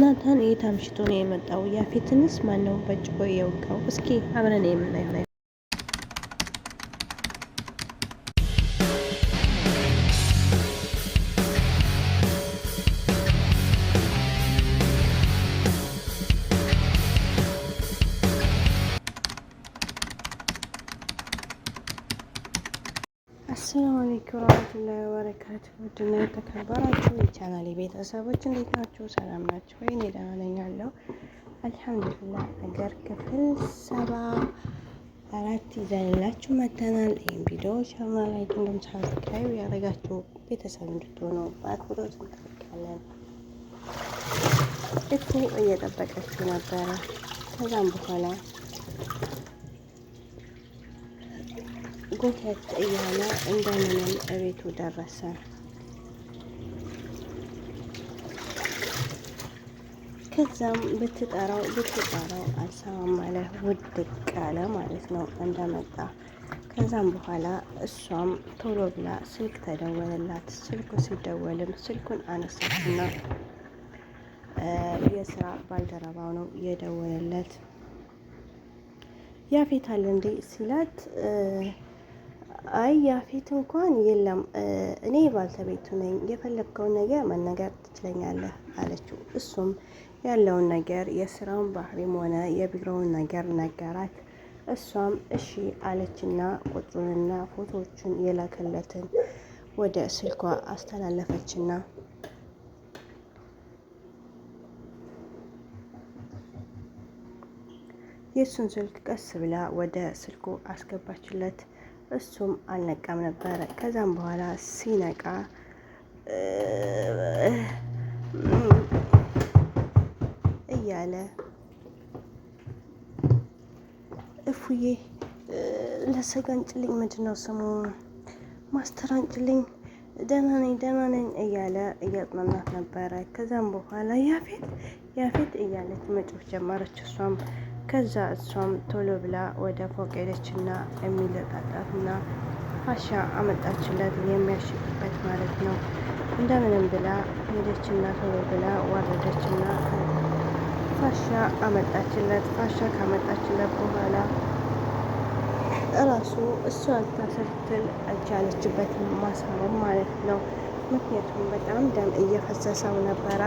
ናታን የት አምሽቶ ነው የመጣው? ያፌትንስ ማነው በጭቆ የወጋው? እስኪ አብረን የምናየው አሰላሙ አለይኩም ወራህመቱላሂ ወበረካቱ። ውድና የተከበራችሁ የቻናሌ ቤተሰቦች እንዴት ናችሁ? ሰላም ናችሁ ወይ? እኔ ደህና ነኝ አለው አልሐምዱሊላህ። ነገር ክፍል ሰባ አራት ይዘንላችሁ መተናል። ይህም ቪዲዮ ቻና ላይ እንዲሁም ሳብስክራይብ ያደረጋችሁ ቤተሰብ እንድትሆኑ በአክብሮት እንጠይቃለን። እኮ እየጠበቀችው ነበረ። ከዛም በኋላ ኮተት እያለ እንደምንም እቤቱ ደረሰ። ከዛም ብትጠራው ብትጠራው አልሰማም አለ። ውድቅ አለ ማለት ነው እንደመጣ። ከዛም በኋላ እሷም ቶሎ ብላ ስልክ ተደወለላት። ስልኩ ሲደወልም ስልኩን አነሳችና የስራ ባልደረባው ነው የደወለለት ያፌታል እንዴ ሲላት አይ ያፌት እንኳን የለም እኔ ባልተቤቱ ነኝ፣ የፈለግከውን ነገር መናገር ትችለኛለህ አለችው። እሱም ያለውን ነገር የስራውን ባህሪም ሆነ የቢሮውን ነገር ነገራት። እሷም እሺ አለችና ቁጥሩንና ፎቶዎቹን የላከለትን ወደ ስልኳ አስተላለፈችና የእሱን ስልክ ቀስ ብላ ወደ ስልኩ አስገባችለት። እሱም አልነቃም ነበረ። ከዛም በኋላ ሲነቃ እያለ እፉዬ ለሰጋንጭልኝ አንጭልኝ፣ ምንድን ነው ስሙ ማስተር አንጭልኝ፣ ደህና ነኝ ደህና ነኝ እያለ እያጽናናት ነበረ። ከዛም በኋላ ያፌት ያፌት እያለች መጮህ ጀመረች እሷም ከዛ እሷም ቶሎ ብላ ወደ ፎቅ ሄደችና የሚለጣጣትና ፋሻ አመጣችለት የሚያሽቅበት ማለት ነው። እንደምንም ብላ ሄደችና ቶሎ ብላ ዋረደችና ፋሻ አመጣችለት። ፋሻ ካመጣችለት በኋላ እራሱ እሷ ልታሰብትል አልቻለችበትም ማሳመን ማለት ነው። ምክንያቱም በጣም ደም እየፈሰሰው ነበረ።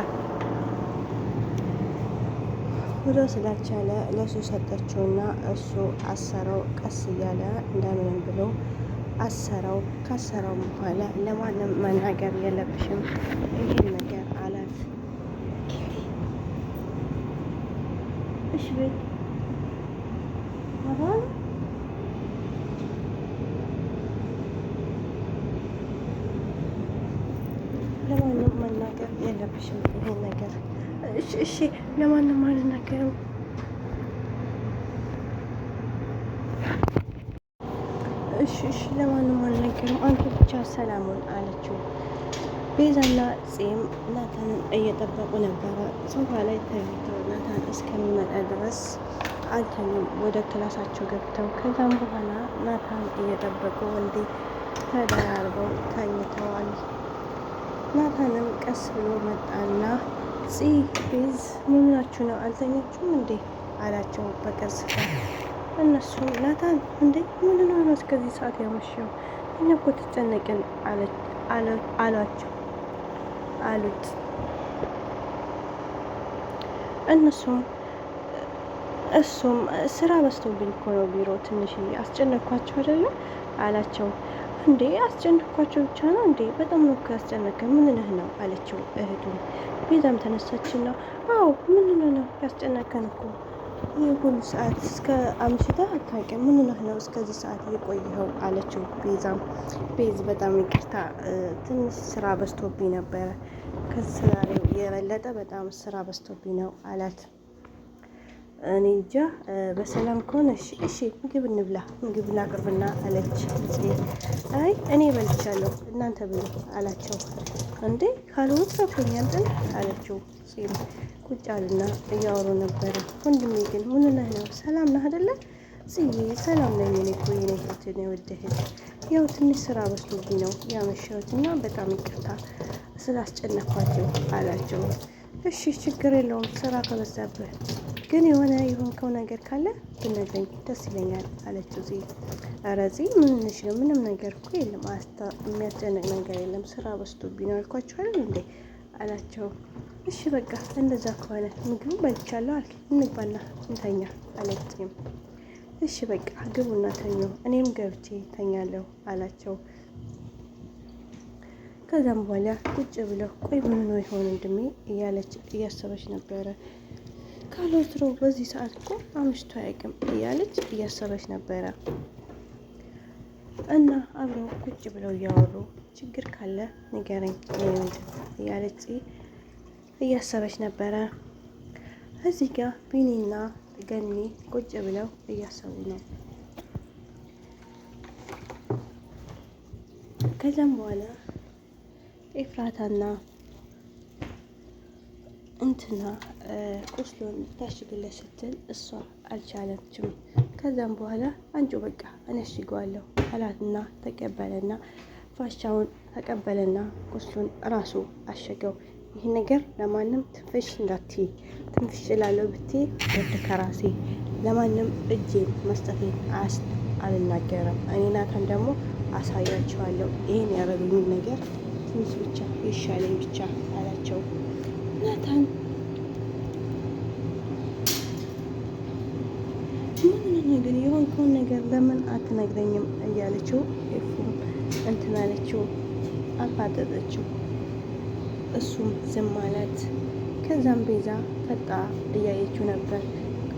ብሎ ስላልቻለ ለእሱ ሰጠችውና እሱ አሰረው። ቀስ እያለ እንደምንም ብሎ አሰረው። ካሰረው በኋላ ለማንም መናገር የለብሽም ይህን ነገር አላት። እሺ በይ ለማንም መናገር የለብሽም ይህን ነገር እሺ እሺ፣ ለማንም አልናገርም። እሺ እሺ፣ ለማንም አልናገርም። አንተ ብቻ ሰላሙን አለችው። ቤዛና ፂም ናታንን እየጠበቁ ነበረ። ሶፋ ላይ ተኝተው ናታን እስከሚመጣ ድረስ አልተኙም። ወደ ክላሳቸው ገብተው ከዛም በኋላ ናታን እየጠበቁ እንዲ ተደራርበው ተኝተዋል። ናታንም ቀስ ብሎ መጣና ፅይ ቤዝ መምናችሁ ነው አልተኛችሁም እንዴ አላቸው በቀስታ እነሱ ናታን እንዴ ምን ነው እስከዚህ ሰዓት ያመሸው እኛ እኮ ተጨነቅን አሏቸው አሉት እነሱም እሱም ስራ በዝቶብኝ እኮ ነው ቢሮ ትንሽ አስጨነቅኳቸው አይደለም አላቸው እንዴ አስጨነቅኳቸው ብቻ ነው እንዴ? በጣም ነው እኮ ያስጨነቀኝ። ምን ልህ ነው አለችው እህቱ። ቤዛም ተነሳችና አዎ ምን ልህ ነው ያስጨነቀን እኮ ይሁን ሰዓት እስከ አምሽታ አታውቂም። ምን ልህ ነው እስከዚህ ሰዓት የቆየኸው አለችው ቤዛም። ቤዝ በጣም ይቅርታ ትንሽ ስራ በዝቶብኝ ነበረ። ከስራሬው የበለጠ በጣም ስራ በዝቶብኝ ነው አላት። እኔ እንጃ በሰላም ከሆነ እሺ፣ እሺ፣ ምግብ እንብላ፣ ምግብ ላቅርብና አለች። አይ እኔ በልቻለሁ እናንተ ብሉ አላቸው። እንዴ ካልሆን ሰኩኝ ያምጥን አለችው። ቁጭ አልና እያወሩ ነበረ። ወንድሜ ግን ምን ነህ ነው? ሰላም ነህ አደለ? ጽዬ ሰላም ነው የኔ እኮ የኔ እህት ነው የወደህት። ያው ትንሽ ስራ በስሎብኝ ነው ያመሸሁት እና በጣም ይቅርታ ስላስጨነኳቸው አላቸው። እሺ ችግር የለውም ስራ ከበዛብህ ግን የሆነ የሆንከው ነገር ካለ ብነግረኝ ደስ ይለኛል አለችው። ዚ ኧረ ዚ ምንሽ ነው? ምንም ነገር እኮ የለም፣ አስታ የሚያስጨንቅ ነገር የለም። ስራ በዝቶብኝ ነው አልኳቸዋል እንዴ አላቸው። እሺ በቃ እንደዛ ከሆነ ምግቡ በልቻለሁ አል እንግባና እንተኛ አለችም። እሺ በቃ ግቡና ተኙ፣ እኔም ገብቼ ተኛለሁ አላቸው። ከዛም በኋላ ቁጭ ብለው ቆይ ምን ነው ይሆን እንድሜ እያለች እያሰበች ነበረ ካለወትሮ በዚህ ሰዓት እኮ አምሽቶ አያውቅም እያለች እያሰበች ነበረ። እና አብረው ቁጭ ብለው እያወሩ ችግር ካለ ንገረኝ እያለች እያሰበች ነበረ። እዚህ ጋ ቢኒና ገኒ ቁጭ ብለው እያሰቡ ነው። ከዚያም በኋላ ኤፍራታና እንትና ቁስሉን ልታሽግለት ስትል እሷ አልቻለችም። ከዛም በኋላ አንጩ በቃ እነሽገዋለሁ አላትና ተቀበለና ፋሻውን ተቀበለና ቁስሉን ራሱ አሸገው። ይህ ነገር ለማንም ትንፍሽ እንዳት ትንፍሽ እላለሁ ብቴ ወደ ከራሴ ለማንም እጄን መስጠቴን አስ አልናገርም። እኔ ናታን ደግሞ አሳያቸዋለሁ ይህን ያደረጉኝን ነገር ትንሽ ብቻ ይሻለኝ ብቻ አላቸው። ናታን ምን ነገር የሆንከውን ነገር ለምን አትነግረኝም? እያለችው እንትን አለችው፣ አፋጠጠችው። እሱም ዝም አላት። ከዛም ቤዛ ፈጣ እያየችው ነበር።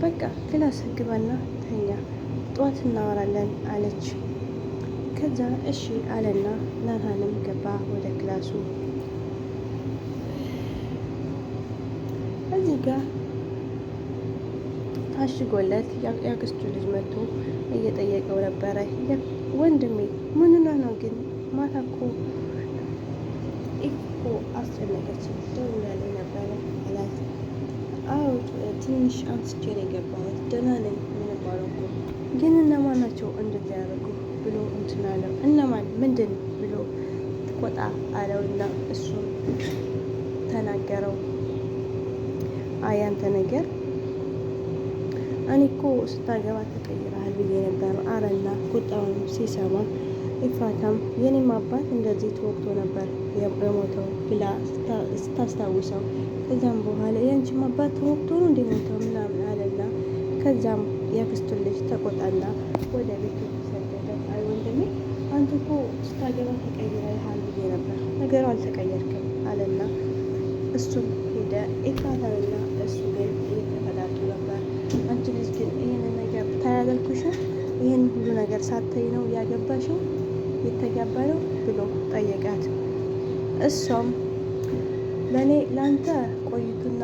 በቃ ክላስ ግባና ተኛ፣ ጠዋት እናወራለን አለች። ከዛ እሺ አለና ናታንም ገባ ወደ ክላሱ። እዚህ ጋር ታሽጎለት ያክስቱ ልጅ መጥቶ እየጠየቀው ነበረ። ወንድሜ ምንና ነው ግን ማታ እኮ እኮ አስጨነቀች ደውላልኝ ነበረ አላት። አዎ ትንሽ አንስቼ ነው የገባሁት። ደህና ነኝ የምንባለው እኮ ግን እነማን ናቸው እንደዚህ ያደረጉ ብሎ እንትን አለው። እነማን ምንድን ብሎ ቆጣ አለውና እሱም ተናገረው። አያንተ ነገር እኔ እኮ ስታገባ ተቀይረሃል ብዬ ነበር አለና ቁጣውን ሲሰማ ኢፍራታም የኔም አባት እንደዚህ ተወቅቶ ነበር የሞተው ብላ ስታስታውሰው፣ ከዛም በኋላ የአንቺም አባት ተወቅቶ ነው እንደሞተው ምናምን አለና ከዛም የአክስቱን ልጅ ተቆጣና ወደ ቤቱ ሰደደ። አይ ወንድሜ አንተ እኮ ስታገባ ተቀይረሃል ብዬ ነበር ነገሩ አልተቀየርክም አለና እሱም ሄደ። ኤፍራታንና እሱ ግን እየተፈላሉ ነበር። አንቺ ልጅ ግን ይህን ነገር ታያገልኩሽም ይህን ሁሉ ነገር ሳታይ ነው ያገባሽው የተጋባ ነው ብሎ ጠየቃት። እሷም ለእኔ ለአንተ ቆይቱና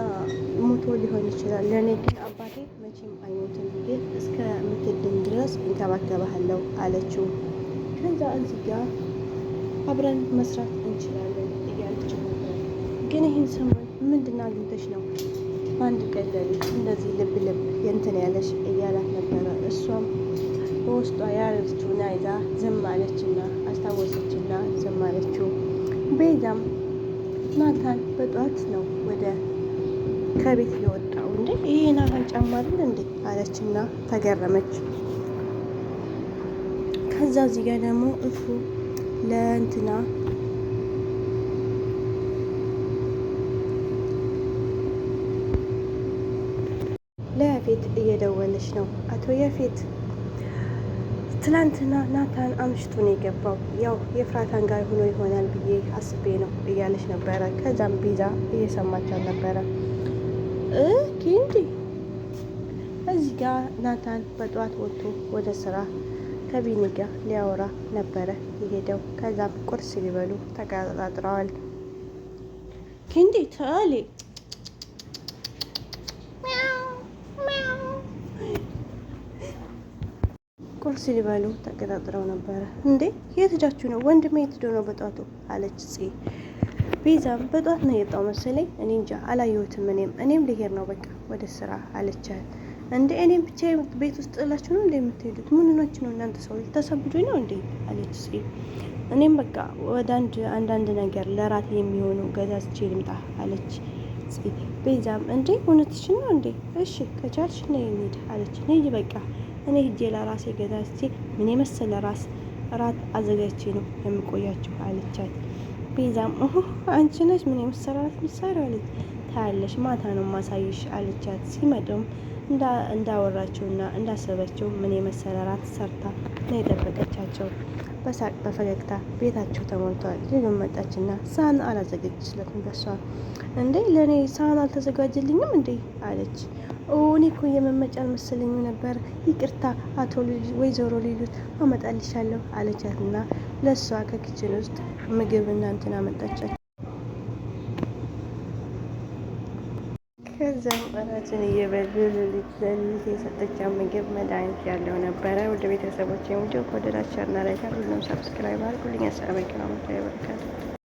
ሞቶ ሊሆን ይችላል፣ ለእኔ ግን አባቴ መቼም አይሞትም፣ ግን እስከ እስከምትድን ድረስ እንከባከባሃለሁ አለችው። ከዛ እዚህ ጋር አብረን መስራት እንችላለን እያለች ነበር ግን ይህን ሰሞን ምንድን አግኝተሽ ነው አንድ ቀለል እንደዚህ ልብ ልብ የእንትን ያለሽ እያላት ነበረ። እሷም በውስጧ ያረችውን አይዛ ዝም አለችና አስታወሰችና ዝም አለችው። ቤዛም ናታን በጧት ነው ወደ ከቤት የወጣው እንዴ ይሄ ናታን ጫማ አይደል እንዴ አለችና ተገረመች። ከዛ እዚህ ጋር ደግሞ እፉ ለእንትና ቤት ትላንትና ናታን አምሽቶ ነው የገባው። ያው የፍራታን ጋር ሆኖ ይሆናል ብዬ አስቤ ነው እያለች ነበረ። ከዛም ቤዛ እየሰማች ነበረ። ኪንዲ እዚህ ጋ ናታን በጠዋት ወጥቶ ወደ ስራ ከቢኒ ጋር ሊያወራ ነበረ የሄደው። ከዛም ቁርስ ሊበሉ ተቀጣጥረዋል። ኪንዲ ተሌ ቁርስ ሊበሉ ተቀጣጥረው ነበረ። እንዴ የት ሄዳችሁ ነው? ወንድሜ የት ሄዶ ነው በጧቱ? አለች ጽ ቤዛም በጧት ነው የወጣው መሰለኝ። እኔ እንጃ አላየሁትም። እኔም እኔም ልሄድ ነው በቃ ወደ ስራ አለቻት። እንደ እኔም ብቻ ቤት ውስጥ ጥላችሁ ነው እንዴ የምትሄዱት? ምን ነው እናንተ ሰው ልታሳብዱ ነው እንዴ? አለች ጽ እኔም በቃ ወደ አንድ አንዳንድ ነገር ለራት የሚሆኑ ገዛዝቼ ልምጣ አለች ቤዛም እንዴ እውነትሽ ነው እንዴ? እሺ ከቻልሽ ነው የሚሄድ አለች ነይ በቃ እኔ ሂጄ ለራሴ ገዛቼ ምን የመሰለ ራስ እራት አዘጋጅቼ ነው የምቆያችሁ አለቻት። ቤዛም አንቺ ነሽ ምን የመሰለ ራት ምሳሪ አለች። ታያለሽ ማታ ነው ማሳይሽ አለቻት። ሲመጡም እንዳወራቸውና እንዳሰበችው ምን የመሰለ ራት ሰርታ ነው የጠበቀቻቸው። በሳቅ በፈገግታ ቤታቸው ተሞልቷል። ልጁን መጣችና ሳህን አላዘጋጅችለትም በሷ እንዴ ለእኔ ሳህን አልተዘጋጀልኝም እንዴ አለች። እኔ እኮ የመመጫ አልመሰለኝ ነበር፣ ይቅርታ አቶ ወይዘሮ ሊሉት አመጣልሻለሁ አለቻትና ለእሷ ከኪችን ውስጥ ምግብ እናንትን እንትን አመጣቻት። ከዛም እራትን እየበሉ ሌሊት ለሊት የሰጠቻት ምግብ መድኃኒት ያለው ነበረ። ወደ ቤተሰቦች የምጆ ከወደዳችሁ ላይክ ሁሉም ሰብስክራይብ አድርጉልኝ። አሰላሙ አለይኩም ወረህመቱላሂ ወበረካቱህ